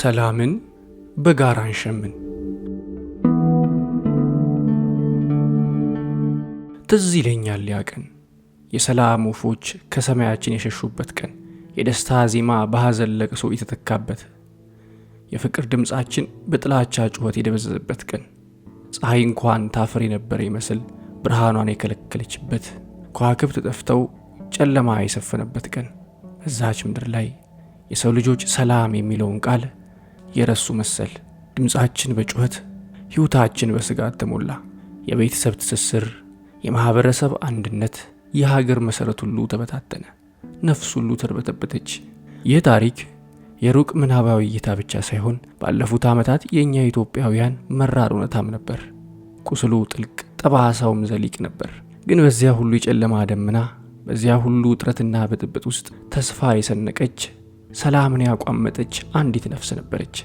ሰላምን በጋራ እንሸምን። ትዝ ይለኛል ያ ቀን የሰላም ወፎች ከሰማያችን የሸሹበት ቀን፣ የደስታ ዜማ በሐዘን ለቅሶ የተተካበት፣ የፍቅር ድምፃችን በጥላቻ ጩኸት የደበዘዘበት ቀን፣ ፀሐይ እንኳን ታፍር የነበረ ይመስል ብርሃኗን የከለከለችበት፣ ከዋክብት ጠፍተው ጨለማ የሰፈነበት ቀን፣ እዛች ምድር ላይ የሰው ልጆች ሰላም የሚለውን ቃል የረሱ መሰል ድምፃችን በጩኸት ሕይወታችን በስጋት ተሞላ። የቤተሰብ ትስስር፣ የማኅበረሰብ አንድነት፣ የሀገር መሠረት ሁሉ ተበታተነ። ነፍስ ሁሉ ተርበተበተች። ይህ ታሪክ የሩቅ ምናባዊ እይታ ብቻ ሳይሆን ባለፉት ዓመታት የእኛ ኢትዮጵያውያን መራር እውነታም ነበር። ቁስሉ ጥልቅ፣ ጠባሳውም ዘሊቅ ነበር። ግን በዚያ ሁሉ የጨለማ ደመና፣ በዚያ ሁሉ ውጥረትና ብጥብጥ ውስጥ ተስፋ የሰነቀች ሰላምን ያቋመጠች አንዲት ነፍስ ነበረች።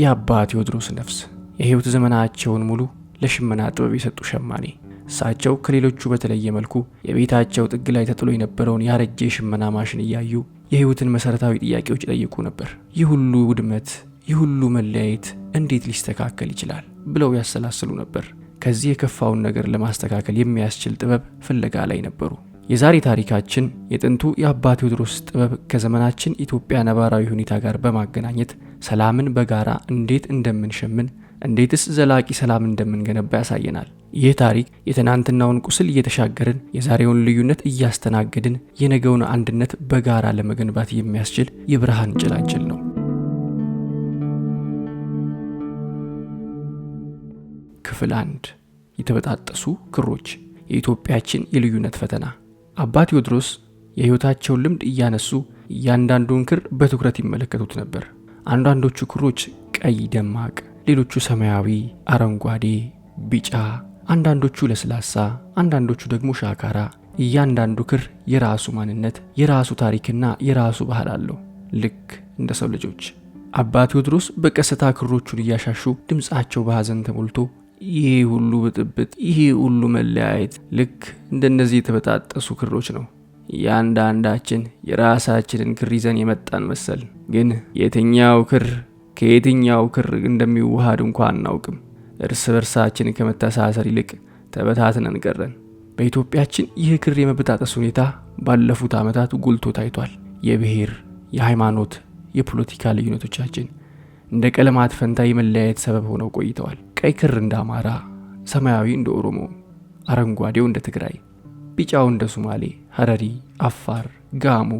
የአባ ቴዎድሮስ ነፍስ የሕይወት ዘመናቸውን ሙሉ ለሽመና ጥበብ የሰጡ ሸማኔ። እሳቸው ከሌሎቹ በተለየ መልኩ የቤታቸው ጥግ ላይ ተጥሎ የነበረውን ያረጀ የሽመና ማሽን እያዩ የሕይወትን መሠረታዊ ጥያቄዎች ይጠይቁ ነበር። ይህ ሁሉ ውድመት፣ ይህ ሁሉ መለያየት እንዴት ሊስተካከል ይችላል ብለው ያሰላስሉ ነበር። ከዚህ የከፋውን ነገር ለማስተካከል የሚያስችል ጥበብ ፍለጋ ላይ ነበሩ። የዛሬ ታሪካችን የጥንቱ የአባ ቴዎድሮስ ጥበብ ከዘመናችን ኢትዮጵያ ነባራዊ ሁኔታ ጋር በማገናኘት ሰላምን በጋራ እንዴት እንደምንሸምን እንዴትስ ዘላቂ ሰላም እንደምንገነባ ያሳየናል። ይህ ታሪክ የትናንትናውን ቁስል እየተሻገርን የዛሬውን ልዩነት እያስተናገድን የነገውን አንድነት በጋራ ለመገንባት የሚያስችል የብርሃን ጭላንጭል ነው። ክፍል አንድ የተበጣጠሱ ክሮች የኢትዮጵያችን የልዩነት ፈተና አባ ቴዎድሮስ የሕይወታቸውን ልምድ እያነሱ እያንዳንዱን ክር በትኩረት ይመለከቱት ነበር። አንዳንዶቹ ክሮች ቀይ ደማቅ፣ ሌሎቹ ሰማያዊ፣ አረንጓዴ፣ ቢጫ፣ አንዳንዶቹ ለስላሳ፣ አንዳንዶቹ ደግሞ ሻካራ። እያንዳንዱ ክር የራሱ ማንነት፣ የራሱ ታሪክና የራሱ ባህል አለው፣ ልክ እንደ ሰው ልጆች። አባ ቴዎድሮስ በቀስታ ክሮቹን እያሻሹ ድምፃቸው በሐዘን ተሞልቶ ይሄ ሁሉ ብጥብጥ፣ ይሄ ሁሉ መለያየት ልክ እንደነዚህ የተበጣጠሱ ክሮች ነው። እያንዳንዳችን የራሳችንን ክር ይዘን የመጣን መሰል፣ ግን የትኛው ክር ከየትኛው ክር እንደሚዋሃድ እንኳ አናውቅም። እርስ በርሳችን ከመተሳሰር ይልቅ ተበታትነን ቀረን። በኢትዮጵያችን ይህ ክር የመበጣጠስ ሁኔታ ባለፉት ዓመታት ጎልቶ ታይቷል። የብሔር፣ የሃይማኖት፣ የፖለቲካ ልዩነቶቻችን እንደ ቀለማት ፈንታ የመለያየት ሰበብ ሆነው ቆይተዋል። ቀይ ክር እንደ አማራ፣ ሰማያዊ እንደ ኦሮሞ፣ አረንጓዴው እንደ ትግራይ፣ ቢጫው እንደ ሶማሌ፣ ሀረሪ፣ አፋር፣ ጋሞ፣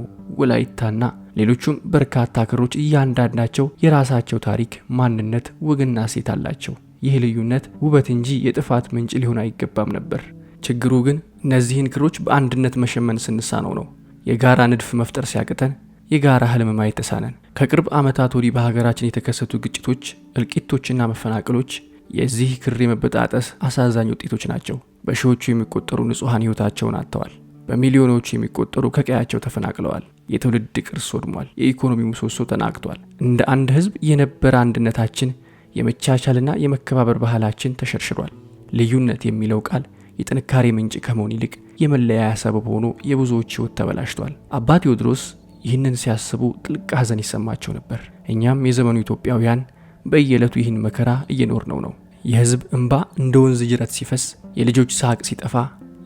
ወላይታና ሌሎቹም በርካታ ክሮች እያንዳንዳቸው የራሳቸው ታሪክ፣ ማንነት፣ ወግና ሴት አላቸው። ይህ ልዩነት ውበት እንጂ የጥፋት ምንጭ ሊሆን አይገባም ነበር። ችግሩ ግን እነዚህን ክሮች በአንድነት መሸመን ስንሳነው ነው። የጋራ ንድፍ መፍጠር ሲያቅተን የጋራ ህልም ማየት ተሳነን። ከቅርብ ዓመታት ወዲህ በሀገራችን የተከሰቱ ግጭቶች፣ እልቂቶችና መፈናቀሎች የዚህ ክሪ መበጣጠስ አሳዛኝ ውጤቶች ናቸው። በሺዎቹ የሚቆጠሩ ንጹሐን ሕይወታቸውን አጥተዋል። በሚሊዮኖቹ የሚቆጠሩ ከቀያቸው ተፈናቅለዋል። የትውልድ ቅርስ ወድሟል። የኢኮኖሚ ምሰሶ ተናግቷል። እንደ አንድ ሕዝብ የነበረ አንድነታችን፣ የመቻቻልና የመከባበር ባህላችን ተሸርሽሯል። ልዩነት የሚለው ቃል የጥንካሬ ምንጭ ከመሆን ይልቅ የመለያያ ሰበብ ሆኖ የብዙዎች ሕይወት ተበላሽቷል። አባ ቴዎድሮስ ይህንን ሲያስቡ ጥልቅ ሐዘን ይሰማቸው ነበር። እኛም የዘመኑ ኢትዮጵያውያን በየዕለቱ ይህን መከራ እየኖር ነው ነው የህዝብ እንባ እንደ ወንዝ ጅረት ሲፈስ፣ የልጆች ሳቅ ሲጠፋ፣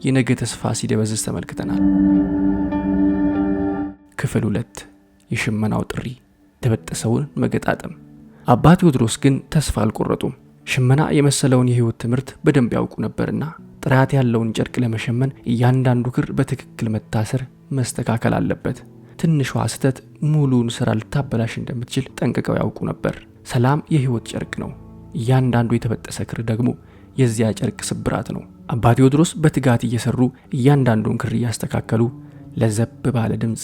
የነገ ተስፋ ሲደበዝዝ ተመልክተናል። ክፍል ሁለት የሽመናው ጥሪ የተበጠሰውን መገጣጠም። አባ ቴዎድሮስ ግን ተስፋ አልቆረጡም። ሽመና የመሰለውን የህይወት ትምህርት በደንብ ያውቁ ነበርና ጥራት ያለውን ጨርቅ ለመሸመን እያንዳንዱ ክር በትክክል መታሰር፣ መስተካከል አለበት። ትንሿ ስህተት ሙሉውን ስራ ልታበላሽ እንደምትችል ጠንቅቀው ያውቁ ነበር። ሰላም የህይወት ጨርቅ ነው። እያንዳንዱ የተበጠሰ ክር ደግሞ የዚያ ጨርቅ ስብራት ነው። አባ ቴዎድሮስ በትጋት እየሰሩ እያንዳንዱን ክር እያስተካከሉ ለዘብ ባለ ድምፅ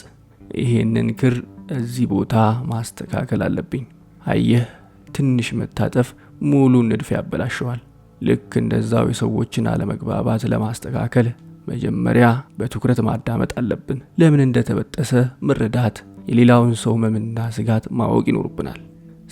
ይሄንን ክር እዚህ ቦታ ማስተካከል አለብኝ፣ አየህ ትንሽ መታጠፍ ሙሉን ንድፍ ያበላሸዋል። ልክ እንደዛው የሰዎችን አለመግባባት ለማስተካከል መጀመሪያ በትኩረት ማዳመጥ አለብን። ለምን እንደተበጠሰ መረዳት፣ የሌላውን ሰው ህመምና ስጋት ማወቅ ይኖርብናል።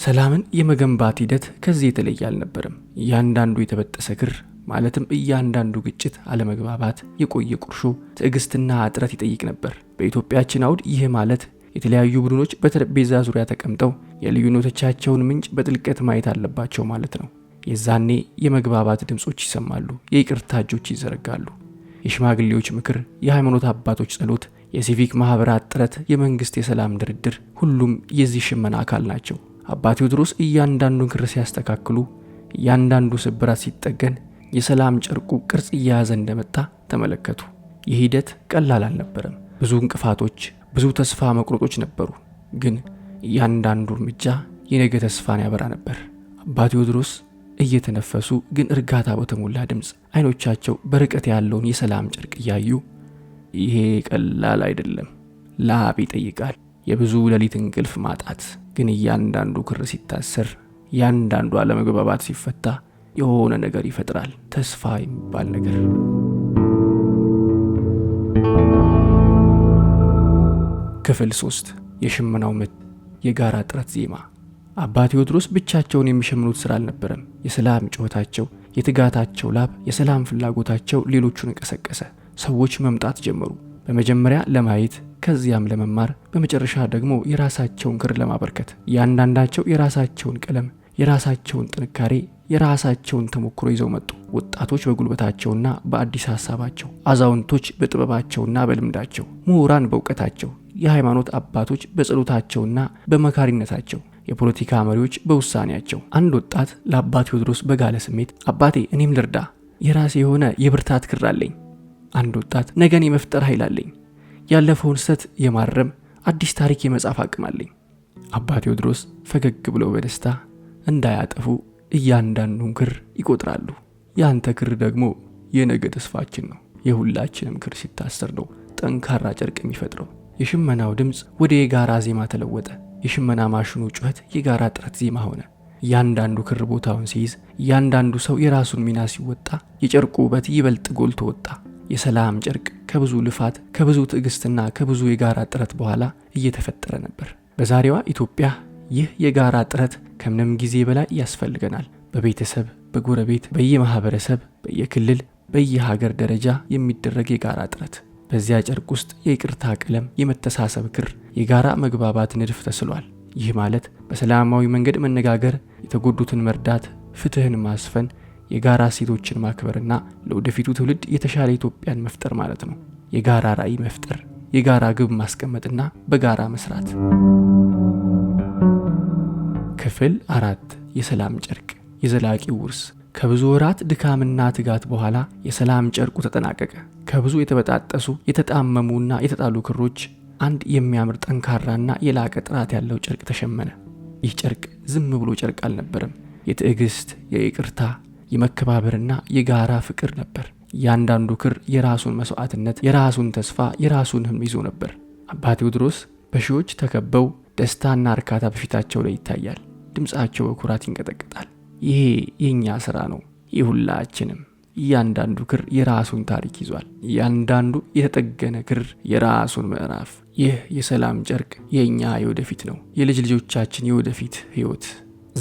ሰላምን የመገንባት ሂደት ከዚህ የተለየ አልነበርም። እያንዳንዱ የተበጠሰ ክር ማለትም እያንዳንዱ ግጭት፣ አለመግባባት፣ የቆየ ቁርሾ ትዕግስትና ጥረት ይጠይቅ ነበር። በኢትዮጵያችን አውድ ይህ ማለት የተለያዩ ቡድኖች በጠረጴዛ ዙሪያ ተቀምጠው የልዩነቶቻቸውን ምንጭ በጥልቀት ማየት አለባቸው ማለት ነው። የዛኔ የመግባባት ድምፆች ይሰማሉ፣ የይቅርታ እጆች ይዘረጋሉ። የሽማግሌዎች ምክር፣ የሃይማኖት አባቶች ጸሎት፣ የሲቪክ ማኅበራት ጥረት፣ የመንግሥት የሰላም ድርድር፣ ሁሉም የዚህ ሽመና አካል ናቸው። አባ ቴዎድሮስ እያንዳንዱን ክር ሲያስተካክሉ፣ እያንዳንዱ ስብራት ሲጠገን የሰላም ጨርቁ ቅርጽ እየያዘ እንደመጣ ተመለከቱ። ይህ ሂደት ቀላል አልነበረም። ብዙ እንቅፋቶች፣ ብዙ ተስፋ መቁረጦች ነበሩ። ግን እያንዳንዱ እርምጃ የነገ ተስፋን ያበራ ነበር። አባ ቴዎድሮስ እየተነፈሱ ግን እርጋታ በተሞላ ድምፅ አይኖቻቸው በርቀት ያለውን የሰላም ጨርቅ እያዩ ይሄ ቀላል አይደለም፣ ላብ ይጠይቃል፣ የብዙ ሌሊት እንቅልፍ ማጣት ግን እያንዳንዱ ክር ሲታሰር፣ ያንዳንዱ አለመግባባት ሲፈታ የሆነ ነገር ይፈጥራል፣ ተስፋ የሚባል ነገር። ክፍል ሶስት የሽመናው ምት የጋራ ጥረት ዜማ። አባ ቴዎድሮስ ብቻቸውን የሚሸምኑት ስራ አልነበረም። የሰላም ጩኸታቸው፣ የትጋታቸው ላብ፣ የሰላም ፍላጎታቸው ሌሎቹን እንቀሰቀሰ። ሰዎች መምጣት ጀመሩ። በመጀመሪያ ለማየት ከዚያም ለመማር በመጨረሻ ደግሞ የራሳቸውን ክር ለማበርከት እያንዳንዳቸው የራሳቸውን ቀለም፣ የራሳቸውን ጥንካሬ የራሳቸውን ተሞክሮ ይዘው መጡ። ወጣቶች በጉልበታቸውና በአዲስ ሀሳባቸው፣ አዛውንቶች በጥበባቸውና በልምዳቸው፣ ምሁራን በእውቀታቸው፣ የሃይማኖት አባቶች በጸሎታቸውና በመካሪነታቸው፣ የፖለቲካ መሪዎች በውሳኔያቸው። አንድ ወጣት ለአባ ቴዎድሮስ በጋለ ስሜት አባቴ እኔም ልርዳ፣ የራሴ የሆነ የብርታት ክር አለኝ። አንድ ወጣት ነገን የመፍጠር ኃይል አለኝ ያለፈውን ስህተት የማረም አዲስ ታሪክ የመጻፍ አቅም አለኝ። አባ ቴዎድሮስ ፈገግ ብለው በደስታ እንዳያጠፉ እያንዳንዱን ክር ይቆጥራሉ። ያንተ ክር ደግሞ የነገ ተስፋችን ነው። የሁላችንም ክር ሲታሰር ነው ጠንካራ ጨርቅ የሚፈጥረው። የሽመናው ድምፅ ወደ የጋራ ዜማ ተለወጠ። የሽመና ማሽኑ ጩኸት የጋራ ጥረት ዜማ ሆነ። እያንዳንዱ ክር ቦታውን ሲይዝ፣ እያንዳንዱ ሰው የራሱን ሚና ሲወጣ፣ የጨርቁ ውበት ይበልጥ ጎልቶ ወጣ። የሰላም ጨርቅ ከብዙ ልፋት ከብዙ ትዕግስትና ከብዙ የጋራ ጥረት በኋላ እየተፈጠረ ነበር። በዛሬዋ ኢትዮጵያ ይህ የጋራ ጥረት ከምንም ጊዜ በላይ ያስፈልገናል። በቤተሰብ፣ በጎረቤት፣ በየማህበረሰብ፣ በየክልል፣ በየሀገር ደረጃ የሚደረግ የጋራ ጥረት። በዚያ ጨርቅ ውስጥ የይቅርታ ቀለም፣ የመተሳሰብ ክር፣ የጋራ መግባባት ንድፍ ተስሏል። ይህ ማለት በሰላማዊ መንገድ መነጋገር፣ የተጎዱትን መርዳት፣ ፍትህን ማስፈን የጋራ ሴቶችን ማክበርና ለወደፊቱ ትውልድ የተሻለ ኢትዮጵያን መፍጠር ማለት ነው። የጋራ ራዕይ መፍጠር፣ የጋራ ግብ ማስቀመጥና በጋራ መስራት። ክፍል አራት የሰላም ጨርቅ የዘላቂ ውርስ ከብዙ ወራት ድካምና ትጋት በኋላ የሰላም ጨርቁ ተጠናቀቀ። ከብዙ የተበጣጠሱ የተጣመሙና የተጣሉ ክሮች አንድ የሚያምር ጠንካራና የላቀ ጥራት ያለው ጨርቅ ተሸመነ። ይህ ጨርቅ ዝም ብሎ ጨርቅ አልነበረም። የትዕግስት፣ የይቅርታ፣ የመከባበርና የጋራ ፍቅር ነበር። እያንዳንዱ ክር የራሱን መስዋዕትነት፣ የራሱን ተስፋ፣ የራሱን ህልም ይዞ ነበር። አባ ቴዎድሮስ በሺዎች ተከበው ደስታና እርካታ በፊታቸው ላይ ይታያል። ድምፃቸው በኩራት ይንቀጠቅጣል። ይሄ የእኛ ስራ ነው፣ የሁላችንም። እያንዳንዱ ክር የራሱን ታሪክ ይዟል። እያንዳንዱ የተጠገነ ክር የራሱን ምዕራፍ። ይህ የሰላም ጨርቅ የእኛ የወደፊት ነው፣ የልጅ ልጆቻችን የወደፊት ህይወት።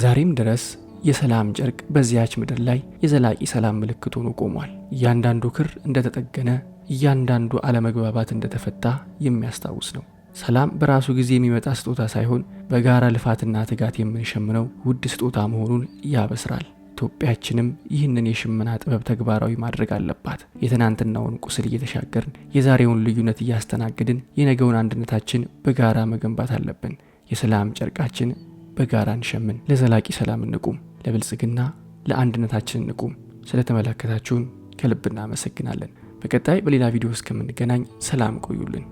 ዛሬም ድረስ የሰላም ጨርቅ በዚያች ምድር ላይ የዘላቂ ሰላም ምልክት ሆኖ ቆሟል። እያንዳንዱ ክር እንደተጠገነ፣ እያንዳንዱ አለመግባባት እንደተፈታ የሚያስታውስ ነው። ሰላም በራሱ ጊዜ የሚመጣ ስጦታ ሳይሆን በጋራ ልፋትና ትጋት የምንሸምነው ውድ ስጦታ መሆኑን ያበስራል። ኢትዮጵያችንም ይህንን የሽመና ጥበብ ተግባራዊ ማድረግ አለባት። የትናንትናውን ቁስል እየተሻገርን፣ የዛሬውን ልዩነት እያስተናገድን፣ የነገውን አንድነታችን በጋራ መገንባት አለብን። የሰላም ጨርቃችን በጋራ እንሸምን። ለዘላቂ ሰላም እንቁም። ለብልጽግና ለአንድነታችን ንቁም። ስለተመለከታችሁን ከልብ እናመሰግናለን። በቀጣይ በሌላ ቪዲዮ እስከምንገናኝ ሰላም ቆዩልን።